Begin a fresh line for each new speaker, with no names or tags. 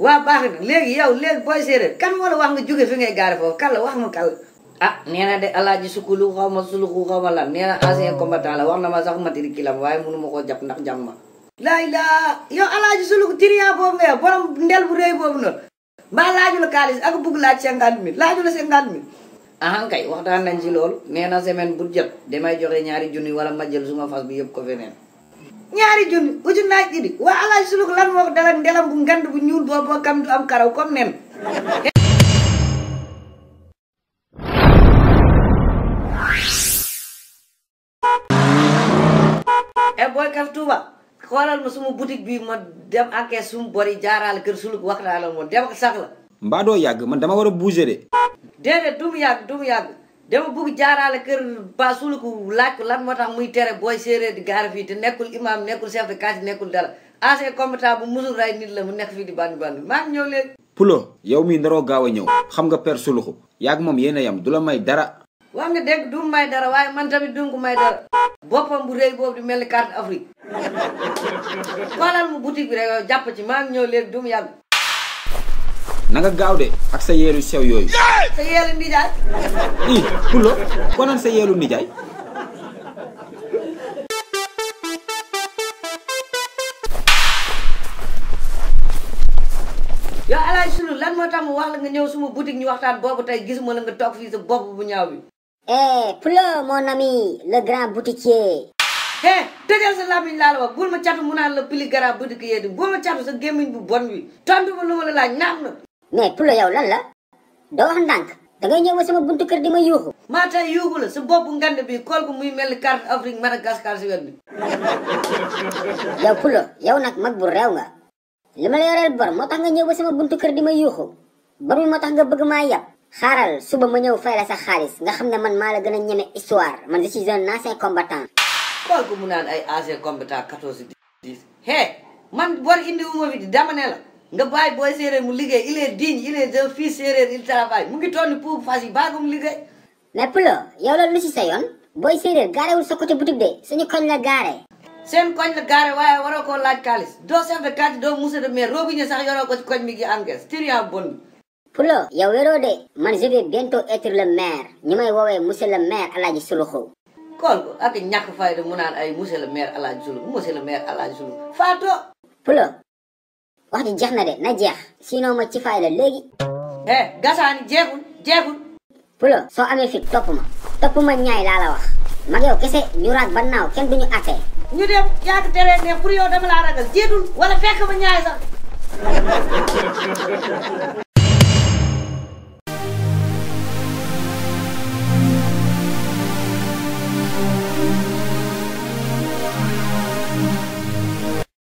waa baax na léegi yow léegi booy séeréer kan wala la wax nga jóge fi ngay gaare foofu kan la wax nga kal ah nee na de alaaji sukulu xaw ma suluxu xaw ma lan nee na ancien combattant la wax na ma sax matriculam waaye mënu ma koo jàpp ndax jàmm ma laay laa yow alaaji suluku trian boobu nga yow borom ndel bu rëy boobu noonu mbaa laaju la kaalis ak bugg laaj cinquante mille laaju la cinquante mille ahan kay waxtaan nañ ci loolu nee na semaine bu jot damay joxe ñaari junni wala ma jël suma fas bi yëpp ko feneen Nyari jun, ujun naik jadi. wa ala suluk lan moo ko dalam ndelam bu ngand dua buah kam du am karau comme nen e eh, boy kaf tuuba xoolal ma suma boutique bi ma dem enquête sum bori jaaraal kër suluk wax naa la moom dem ak sax la
mbaa doo man dama war bouger de
déedéet dum yàgg dum yàgg dama bugg jaaraale kër Bassoul ku laaj ko lan moo tax muy tere booy séeréer di gaare fii te nekkul imam nekkul chef de quartier nekkul dara assez compétent bu musul ray nit la mu nekk fii di bandi bandi maa ngi ñëw leen
Pulo yow mii naroo gaaw a ñëw xam nga père Suluxu moom yéen a yam du la may dara.
wax nga dégg du may dara waaye man tamit du ko may dara. boppam bu rëy boobu di mel ni carte Afrique xoolal mu boutique bi rek yow jàpp ci maa ngi ñëw leen du mu
na nga gaaw de ak sa yeelu sew yooyu
sa yeelu nijaay i
pulo konan sa yeelu nijaay
yow ya, alaaj sunu lan mo tax mu wax la nga ñëw suma boutique ñu waxtaan boobu tey gisuma la nga toog fii sa bopp bu ñaaw bi
eh pulo mon ami le grand boutiquier eh
tejal sa lamiñ la la wax
bul ma catu mu
naan la pili garab boutique yee di bul ma catu sa gémmiñ bu bon wi tontu ma lu ma la laaj naam na
mais pour la yow lan la doo wax ndànk da ngay ñëw sama buntu kër di ma yuuxu
maa tax yuuxu la sa bopp ngand bi kool ko muy mel carte afrique madagascar si wet
yow pulo yow nag mag bu nga li ma yoreel bor moo nga ñëw sama buntu kër di ma yuuxu bor bi moo nga bëgg maa yab xaaral suba ma ñëw fay la sa xaalis nga xam ne man maa la gën a histoire man je suis un ancien combattant
mu naan ay combattant 14 10 hé man bor indi wu ma fi di dama ne la nga bàyyi booy séeréer mu liggéey il est digne il est un fils séeréer il travaille mu ngi toll pour fas yi bàyyi ko mu liggéey.
mais Pulo yow loolu lu si sa yoon booy séeréer gaare wul sa côté boutique de suñu koñ la gaare.
seen koñ la gaare waaye waroo koo laaj kaalis doo chef de quartier doo monsieur de maire robinet sax yoroo ko ci koñ mi ngi encaisse tirian bon.
Pulo yow wéroo de man je vais bientôt être le maire ñu may woowee monsieur le maire El Hadj Suluxu.
kon mu naan ay monsieur le maire El Hadj Suluxu le maire El Hadj
Suluxu wax ji jeex na de na jeex sinon ma ci faay la léegi. eh gasaani jeexul jeexul. Pulo soo amee fit topp ma topp ma ñaay laa wax mag yow kese ñu raag ba naaw kenn du ñu àttee. ñu dem yàgg tere ne pour yow dama laa ragal jiitul wala fekk ma ñaay sax.